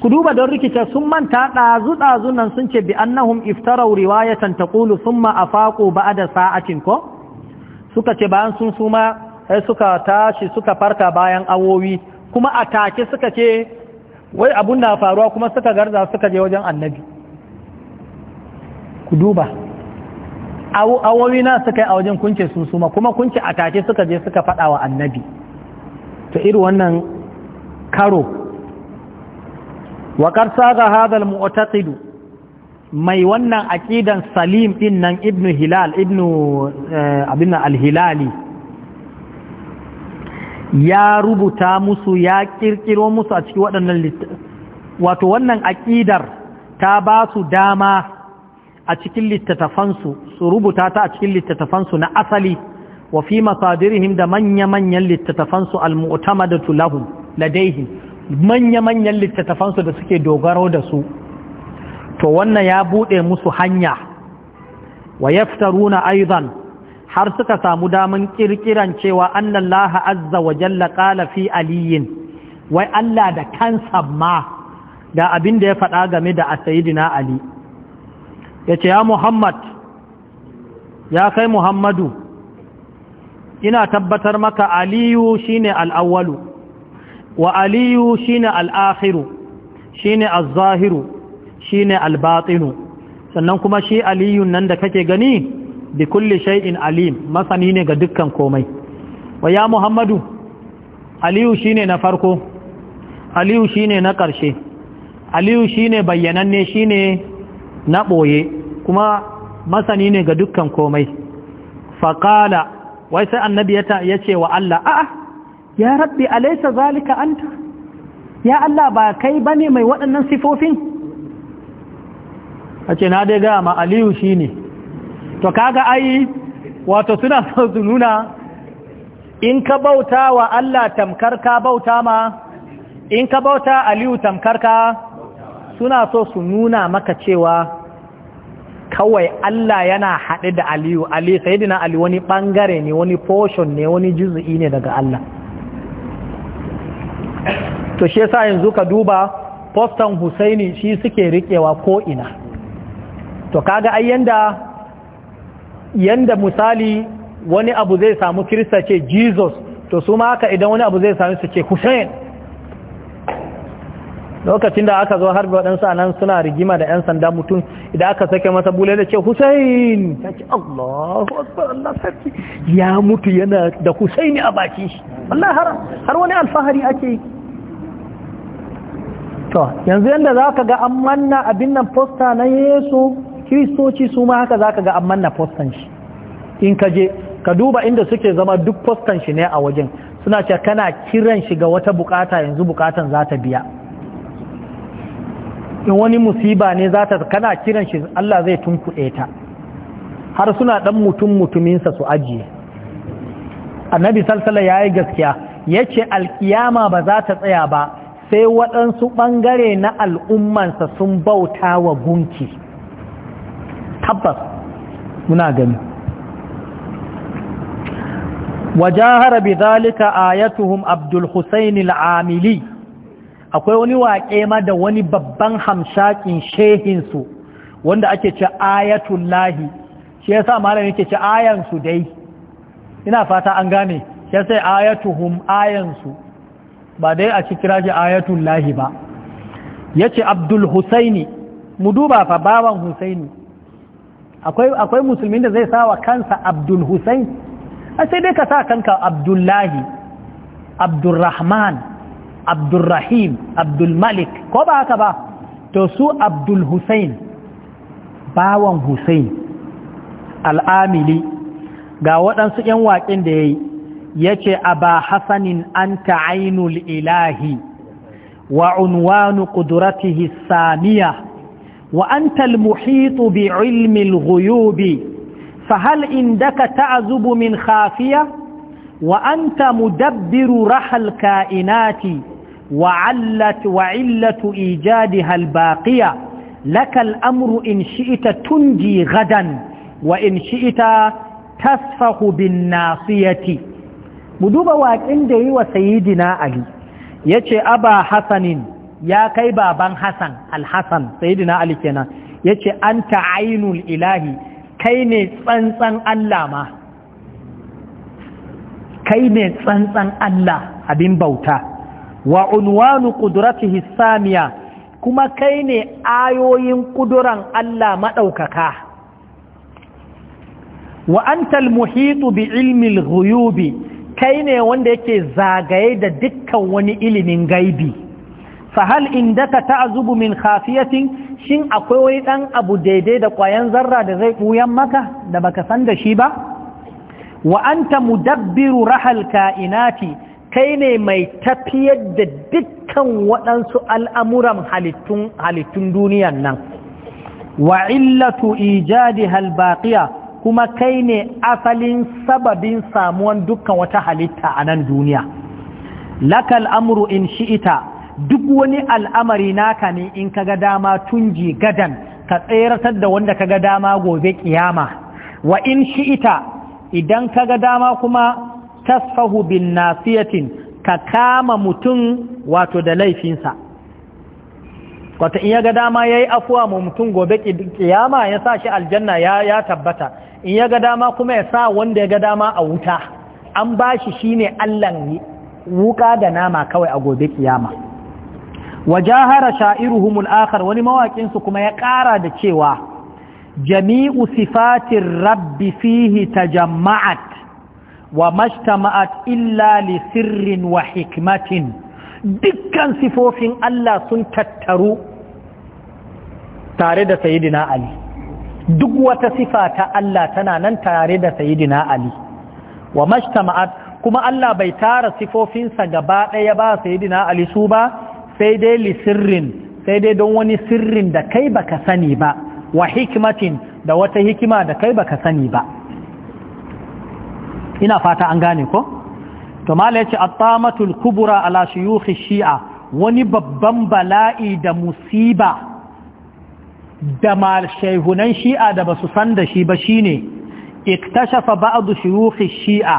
ku duba don rikice sun manta ɗazu ɗazu nan sun ce bi annahum iftarau riwayatan taqulu summa afaqu ba'da sa'atin ko suka ce bayan sun suma sai suka tashi suka farka bayan awowi kuma a take suka ce wai abun na faruwa kuma suka garza suka je wajen annabi ku duba awowi na suka yi a wajen kunce sun suma kuma kunce a take suka je suka fada wa annabi ta iri wannan karo Wa waƙar ga hadal mu'taqidu mai wannan aƙidan salim din nan ibnu hilal ibnu eh, abin al-hilali ya rubuta musu ya kirkiro musu a cikin waɗannan wato wannan aƙidar ta ba su dama a cikin littattafansu su rubuta ta a cikin littattafansu na asali wa fi masadirihim da manya-manyan littattafansu al-mu'tamadatu lahum ladaihim manya-manyan littattafansu da suke dogaro da su to wannan ya buɗe musu hanya wa yaftaruna aidan har suka samu damun kirkiran cewa annallaha azza wa jalla qala fi aliyin wai Allah da kansa ma da abin da ya faɗa game da asayidina ali yace ya muhammad ya kai muhammadu ina tabbatar maka aliyu shine al'awwalu wa aliyu shine al'akhiru shine az-zahiru Shi ne albatinu sannan kuma shi aliyun nan da kake gani bi kulli shay'in alim masani ne ga dukkan komai wa ya muhammadu aliyu shine na farko aliyu shine na ƙarshe aliyu shine bayyananne shine na ɓoye kuma masani ne ga dukkan komai faƙala wai sai annabi ya ce wa Allah a'a ya rabbi alaysa zalika anta ya Allah ba kai bane mai waɗannan sifofin a na dai gaya ma aliyu shine to kaga ai wato suna so su nuna in ka bauta wa Allah tamkar ka bauta ma in ka bauta aliyu tamkar ka suna so su nuna maka cewa kawai Allah yana haɗe da aliyu ali sayidina ali wani bangare ne wani portion ne wani juzu'i ne daga Allah to shi yasa yanzu ka duba postan Husaini shi suke riƙewa ko ina to kaga ai yanda yanda misali wani abu zai samu kirista ce jesus to su ma haka idan wani abu zai samu su ce hussein lokacin da aka zo har waɗansu a nan suna rigima da 'yan sanda mutum idan aka sake masa bule da ce hussein ya ce allahu akbar allah sarki ya mutu yana da hussein a baki shi allah har wani alfahari ake yi to yanzu yadda za ka ga an manna abin nan posta na yesu kiristoci su ma haka zaka ga amma na postan shi in ka je ka duba inda suke zama duk postan shi ne a wajen suna ce kana kiran shi ga wata bukata yanzu bukatan za ta biya in wani musiba ne za ta kana kiran shi Allah zai tunkuɗe ta har suna ɗan mutum mutuminsa su ajiye annabi salsala ya yi gaskiya yace ce alkiyama ba za ta tsaya ba sai waɗansu ɓangare na al'ummansa sun bauta wa gunki tabbas muna gani wajahara bi zalika ayatuhum abdul husain al-amili akwai wani waƙe ma da wani babban hamshakin su wanda ake ce ayatul lahi shi yasa malam yake ce su dai ina fata an gane shi yasa ayatuhum su ba dai a ci kira shi ayatul lahi ba yace abdul husaini mu duba fa bawan husaini akwai akwai musulmin da zai sawa kansa Abdul Hussein sai dai ka sa kanka Abdullahi Abdurrahman Abdurrahim Abdul Malik ko ba haka ba to su Abdul Hussein bawan Hussein al'amili ga waɗansu ‘yan waƙin da ya yi ya ce a ba hasanin an ta'ainul ilahi wa unwanu ƙuduratihi saniya وأنت المحيط بعلم الغيوب فهل عندك تعزب من خافية وأنت مدبر رحى الكائنات وعلت وعلة إيجادها الباقية لك الأمر إن شئت تنجي غدا وإن شئت تسفه بالناصية مدوبة واقع عنده وسيدنا علي يتي أبا حسن ya kai baban Hassan al-Hassan sayyidina Ali kenan yace anta ainul ilahi kai ne tsantsan Allah ma kai ne tsantsan Allah abin bauta wa unwanu qudratihi samia kuma kai ne ayoyin kuduran Allah maɗaukaka wa antal muhitu bi ilmin ruyubi, kai ne wanda yake zagaye da dukkan wani ilimin gaibi fahal indaka ta'zubu min khafiyatin shin akwai wani dan abu daidai da kwayan zarra da zai buyan maka da baka san da shi ba wa anta mudabbiru rahal kainati kai ne mai tafiyar da dukkan waɗansu al'amuran halittun halittun duniyan nan wa illatu ijadi halbakiya kuma kai ne asalin sababin samuwan dukkan wata halitta a nan duniya lakal amru in shi'ita duk wani al'amari naka ne in ka ga dama tunji gadan ka tseratar da wanda ka ga dama gobe kiyama wa in shi'ita idan kaga dama kuma tasfahu bin nasiyatin ka kama mutum wato da laifinsa Wata in ya ga dama ya yi afuwa ma mutum gobe kiyama ya sa shi aljanna ya, ya tabbata in ya ga dama kuma ya sa wanda ya ga dama a wuta an ba shi shi ne allan wuka da nama kawai a gobe kiyama wajahara sha'iruhumul akhar wani mawaƙinsu kuma ya ƙara da cewa jami'u sifatin rabbi fihi tajamma'at wa majtama'at illa li sirrin wa hikmatin dukkan sifofin Allah sun tattaru tare da Sayyidina Ali duk wata sifa ta Allah tana nan tare da Sayyidina Ali wa majtama'at kuma Allah bai tara sifofinsa gaba ɗaya ba Sayyidina Ali su ba sai dai li sirrin sai dai don wani sirrin da kai baka sani ba wa hikmatin da wata hikima da kai baka sani ba ina fata an gane ko to mala yace at-tamatul kubra ala shuyukh shia wani babban bala'i da musiba da mal shehunan shi'a da basu san da shi ba shine iktashafa ba'd shuyukh shi'a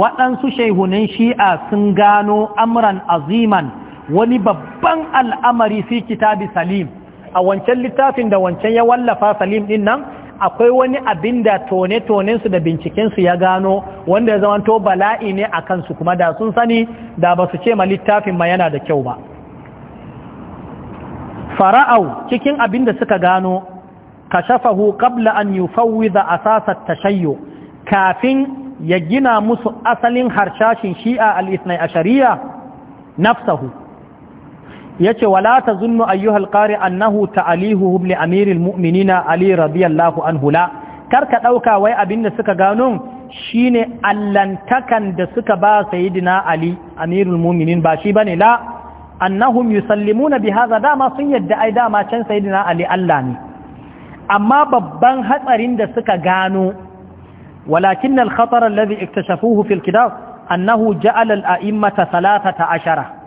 waɗansu shehunan shi'a sun gano amran aziman wani babban al'amari fi kitabi salim a wancan littafin da wancan ya wallafa salim din nan akwai wani abin da tone-tonensu da bincikensu ya gano wanda ya zama to bala'i ne a kansu kuma da sun sani da ba su ce ma littafin ma yana da kyau ba fara'au cikin abin da suka gano ka shafahu kabla an yi a asasat tashayyo kafin ya gina musu asalin harshashin shi'a al a shari'a nafsahu yace wala zunnu ayyuhal qari annahu ta'alihu li amiril mu'minina ali radiyallahu anhu la ka dauka wai abinda suka gano shine allantakan da suka ba sayyidina ali amirul mu'minin ba shi bane la annahum yusallimuna bi hadha dama sun yadda ai dama can sayyidina ali Allah ne amma babban hatsarin da suka gano walakin al khatar alladhi iktashafuhu fil kidab annahu ja'ala al a'immata 13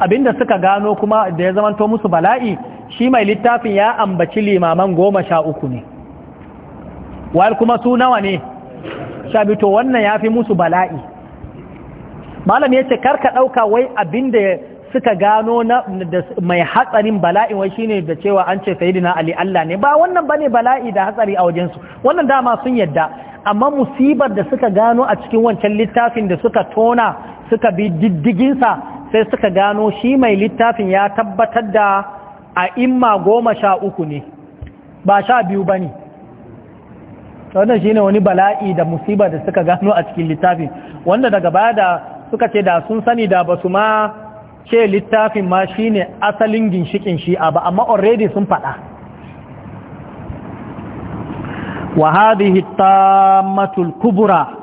abinda suka gano kuma da ya zamanto musu bala'i shi mai littafin ya ambaci limaman goma sha uku ne wal kuma su nawa ne shabito wannan ya fi musu bala'i malam ya ce karka ɗauka wai abinda suka gano na mai hatsarin bala'i wai shine da cewa an ce dina ali Allah ne ba wannan bane bala'i da hatsari a wajensu wannan dama sun yadda amma musibar da suka gano a cikin wancan littafin da suka tona suka bi diddiginsa sai suka gano shi mai littafin ya tabbatar da a imma goma sha uku ne ba sha biyu ba ne wannan shi ne wani bala'i da musiba da suka gano a cikin littafin wanda daga baya da suka ce da sun sani da ba su ma ce littafin ma shi ne asalin ginshikin shi ba amma already sun faɗa wa hadhihi tammatul kubra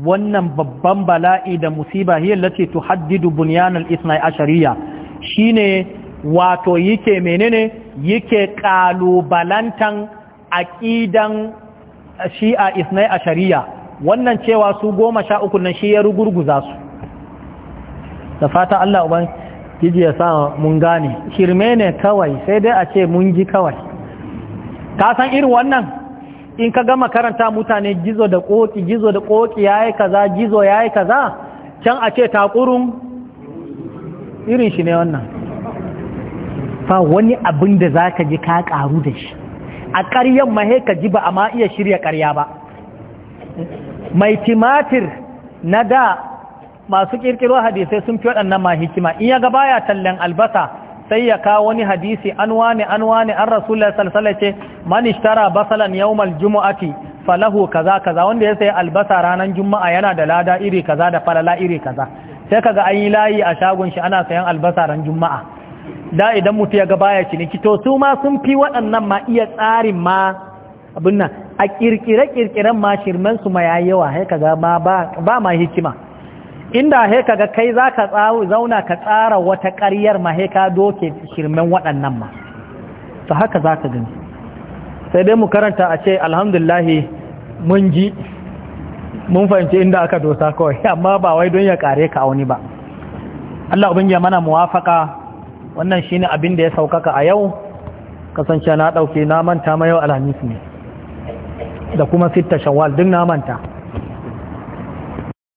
wannan babban bala'i da musiba hiyar lati tuhaddidu bunyanal isnai ashariya shine wato yake menene yake kalubalantan aƙidan shi'a isnai ashariya wannan cewa su goma sha uku nan shi ya rugurguza su da fata Allah uban kiji ya sa mun gane shirme ne kawai sai dai a ce mun ji kawai ka san irin wannan in ka gama karanta mutane gizo da koki gizo da koki yi kaza gizo ya yi kaza can a ce takurun irin shi ne wannan fa wani abin da za ka ji ka ƙaru da shi a ƙaryan mahe ka ji ba a ma iya shirya ƙarya ba mai timatir na da masu ƙirƙiro hadisai sun fi waɗannan ma in ya ga baya tallan albasa sai ya kawo wani hadisi an wani an wane an rasulullah sallallahu ce man ishtara basalan yawmal jumu'ati falahu kaza kaza wanda ya sayi albasa ranar juma'a yana da lada iri kaza da falala iri kaza sai kaga an yi layi a shagon shi ana sayan albasa ran juma'a da idan mutu ya ga baya ciniki to su ma sun fi waɗannan ma iya tsarin ma abin nan a kirkire kirkiren ma shirmen su ma yayi yawa sai kaga ba ma hikima inda he ga kai za ka zauna ka tsara wata ƙaryar ma he ka doke shirmen waɗannan ma ta haka za ka gani sai dai mu karanta a ce alhamdulahi mun ji mun fahimci inda aka dosa kawai amma ba wai don ya kare ka auni ba Allah abin ya mana muwafaka wannan shi ne abin da ya saukaka a yau kasance na ɗauke na manta ma yau alhamis ne da kuma sitta shawwal duk na manta